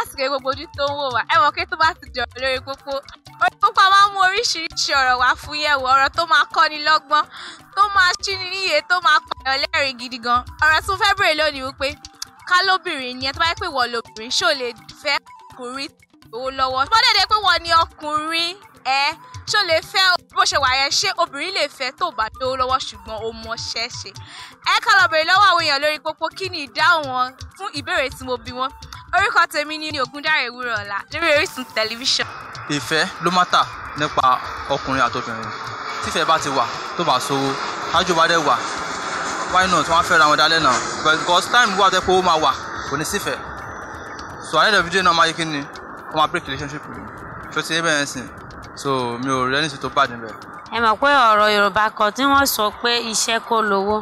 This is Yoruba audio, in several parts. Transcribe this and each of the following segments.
àsìkò gbogbo ojú tó ń wò wá ẹwọn kí tó bá ti jọ lórí pópó orí pópó máa ń mú oríṣiríṣi ọ̀rọ̀ wá fún yẹ̀wò ọ̀rọ̀ tó máa kọ́ni lọ́gbọ́n tó máa ṣíni níyè tó máa pààyàn lẹ́rìn gidi gan ọ̀rọ̀ tún fẹ́ bèrè lónìí wípé ká lóbìnrin ni ẹ tó bá yẹ pé wọ́n lóbìnrin ṣó lè fẹ́ ọkùnrin owó lọ́wọ́ tó bá dẹ̀ dé pé wọ́n ni ọkùnrin ẹ ṣó lè fẹ́ bó ṣe wà yẹn ṣé obìnrin lè fẹ́ tó bá lówó lọ́wọ́ ṣùgbọ́n ó mọ ṣẹ́ṣe ẹ ká lọ bèrè lọ́wọ́ àwọn èèyàn lórí pópó kí ni ìdáhùn wọn fún ìbéèrè tí mo bi wọn orúkọ tèmi ni Ògúndáre Ewúrọ̀lá lórí Orísun tẹlifíṣàn. ìfẹ́ ló má tà nípa ọkùnrin àtọkùnrin tífẹ́ bá ti wà tó bá sówó ájú bá dẹ̀ wà why not wọ́n á fẹ́ ra wọn dálẹ́ náà because time wà tẹ́ pé ó máa wà kò ní sífẹ́ so at the end of náà máa yé kí ni wọ́n máa break relationship mi ṣó ti bẹ́ẹ̀ sìn so mi ò rẹ́ni sí tó bàjẹ́ bẹ́ẹ̀. ẹ mọ̀ pé ọ̀rọ̀ Yorùbá kan tí wọ́n sọ pé iṣẹ́ kó lówó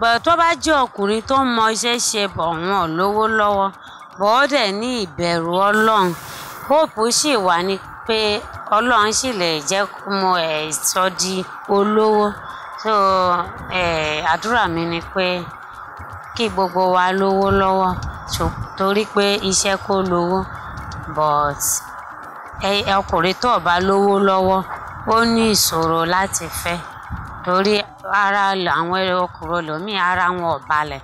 bọ̀ tó bá jẹ́ ọkùnrin tó mọ iṣẹ́ ṣe bọ̀ wọn lówó lọ́wọ́ ìgbàgbọ́ dẹ̀ ní ìbẹ̀rù ọlọ́run hope sì wà ní pé ọlọ́run sì lè jẹ́ kó mọ ẹ̀ sọ di olówó so àdúrà mi ni pé kí gbogbo wa lówó lọ́wọ́ torí pé iṣẹ́ kó lówó but ọkùnrin tó bá lówó lọ́wọ́ ó ní ìṣòro láti fẹ́ torí ara àwọn ọkùnrin olómi ara wọn ò balẹ̀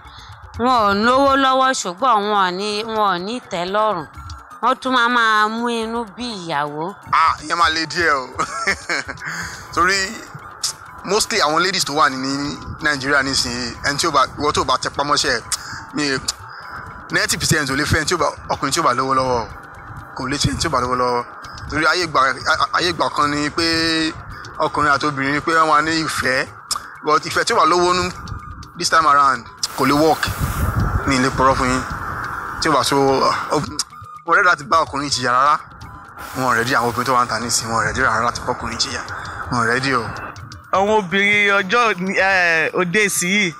wọn ò lówó lọ́wọ́ ṣùgbọ́n wọn ò ní wọn ò ní ìtẹ́lọ́rùn wọ́n tún máa máa mú inú bí ìyàwó. ah ìyẹn máa le díẹ̀ o torí mostly àwọn ladies tó wà ní nàìjíríà nísìnyí ẹni tí ó bá ìwọ tó bá tẹpá mọ́ṣẹ́ mi ninety percent ò lè fẹ́ ẹni tí ó bá ọkùnrin tí ó bá lówó lọ́wọ́ kò lè ṣe ẹni tí ó bá lówó lọ́wọ́ torí ayé ìgbà kan ni pé ọkùnrin àti obìnrin pé wọ́n wà ní ìfẹ́ but ìfẹ́ tí ó bá lówó nú this time around kò lè work ní ilé pọ̀rọ̀ fún yín tí ó bá so ọ̀rẹ́ láti bá ọkùnrin jìyà rárá wọn rẹ̀ dí àwọn obìnrin tó wà ń ta nísìnyí wọn rẹ̀ dí rárá láti bá jìyà wọn rẹ̀ dí o. àwọn obìnrin ọjọ́ òde ìsìn yìí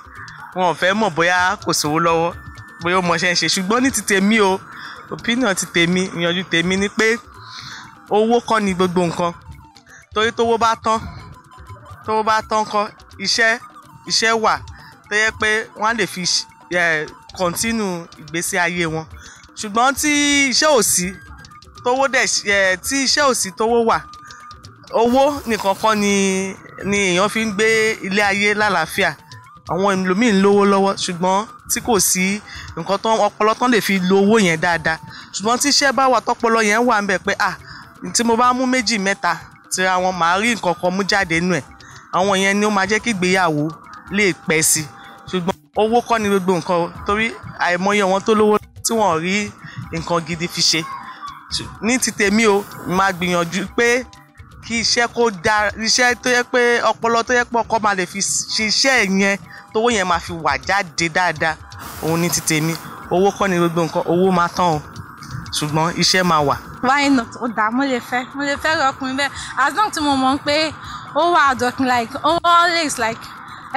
wọn ò fẹ́ mọ̀ bóyá kò sówó lọ́wọ́ bóyá ó mọṣẹ́ ń ṣe ṣùgbọ́n ní ti tèmi o opinion ti tèmi ìyanjú tèmi ni pé owó kọ́ ni gbogbo nǹkan torí tówó bá tán tówó bá tán kọ́ iṣẹ́ iṣẹ́ wà tó yẹ pé wọ́n á lè fi kọ̀ntínú ìgbésí ayé wọn ṣùgbọ́n tí iṣẹ́ òsì tówó dẹ̀ tí iṣẹ́ òsì tówó wà owó nìkan kọ́ ni ni èèyàn fi ń gbé ilé ayé lálàáfíà àwọn ẹlòmíín lówó lọ́wọ́ ṣùgbọ́n tí kò sí nǹkan tán ọpọlọ tán lè fi lo owó yẹn dáadáa ṣùgbọ́n tí iṣẹ́ bá wà tọpọlọ yẹn wà ń bẹ̀ pé à tí mo bá mú méjì mẹ́ta tira wọn màá rí nǹkan kan mú jáde nù ẹ̀ àwọn yẹn ni ó máa jẹ́ kí ìgbéyàwó lè pẹ́ sí i ṣùgbọ́n owó kọ́ ni gbogbo nǹkan torí àìmọye wọn tó lówó tí wọ́n rí nǹkan gidi fi ṣe ní ti tèmi o máa gbìyànjú pé kí iṣẹ́ kó dára iṣẹ́ tó yẹ pé ọpọlọ tó yẹ pé ọkọ máa lè fi ṣe iṣẹ́ yẹn tówó yẹn máa fi wà jáde dáadáa òun ní ti tèmi owó kọ́ ni gbogbo nǹkan owó máa tán o ṣùgbọ́n iṣẹ́ máa wà. why not ó dáa mo lè fẹ́ mo lè fẹ́ rọkùnrin bẹ́ẹ̀ as long as mo mọ̀ pé ó wà àdọ̀kùn like always like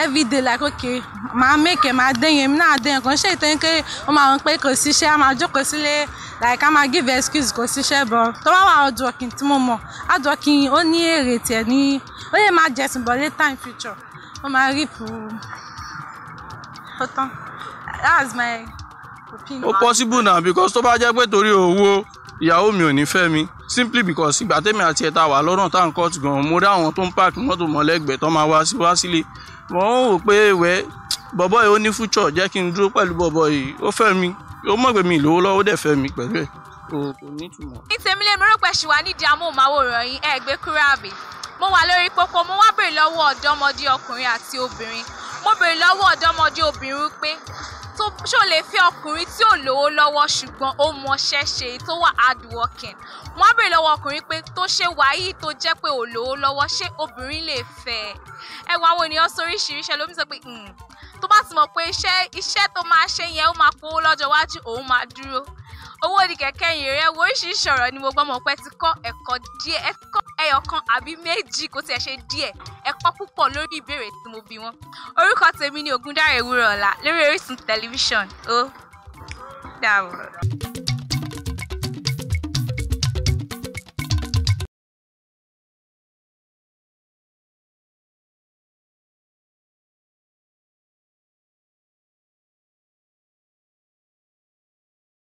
everyday like okay màá make màá dẹ́yìn mi náà dẹ́yìn kan ṣé ìtẹ́yìn pé wọ́n máa ń pé kò síṣẹ́ a máa jókòó sílé like a máa give excuse kò síṣẹ́ bọ̀ tó bá wà hard working tí mo mọ̀ hard working ó ní èrè tiẹ̀ ní ó lè máa jẹ̀sìn bọ̀ later in future ó máa rí ipò ó tán that's my ó possible na because tó bá jẹ́ pé torí owó ìyàwó mi ò ní fẹ́ mi simply because ìgbà tèmi àti ẹ̀ta wà lọ́rùn tá à ń cut gan mo rí àwọn tó ń park mọ́tò mọ́lẹ́gbẹ̀ẹ́ tó máa wá sí wá sílé mo ń wò pé wẹ́ bọ̀bọ̀ yìí ó ní future jẹ́ kí n dúró pẹ̀lú bọ̀bọ̀ yìí ó fẹ́ mi ó mọ̀ pé mi ìlówó lọ́wọ́ dẹ̀ fẹ́ mi pẹ̀lú ẹ̀ kò kò ní ìtumọ̀. ní tèmi lè mérò pé ṣì wà nídìí amóhùnmáwòrán yín ẹ gbé kúrò àbí mo wà lórí pópó mo wá béèrè lọ́wọ́ ọ̀dọ́mọdé ọkùnrin àti obìnrin mo béèrè lọ́wọ́ ọ̀dọ́mọdé obìnrin pé tó ṣó lè fẹ́ ọkùnrin tí ò lówó lọ́wọ́ ṣùgbọ́n ó mọṣẹ́ ṣe tó wà hard working wọ́n á béèrè lọ́wọ́ ọkùnrin pé tó ṣe wáyé tó jẹ́ pé ò lówó lọ́wọ́ ṣé obìnrin lè fẹ́ ẹ wọ àwọn ènìyàn sọ oríṣiríṣi lómi sọ pé hmm. tó bá ti mọ̀ pé iṣẹ́ iṣẹ́ tó máa ṣe yẹn ó máa powó lọ́jọ́ iwájú òun máa dúró owó ni kẹ̀kẹ́ yìí rẹ wo oríṣiríṣi ọ̀rọ̀ ni mo gbọ́ mọ̀ pé ti kọ́ ẹ̀kọ́ díẹ̀ ẹ̀kọ́ ẹyọkan àbí méjì kó tiẹ̀ ṣe díẹ̀ ẹ̀kọ́ púpọ̀ lórí ìbéèrè tí mo bi wọ́n orúkọ tèmi ni Ògúndáre Ewúrọ̀ọ́lá lórí Orísun tẹlifíṣàn ó dàbọ̀.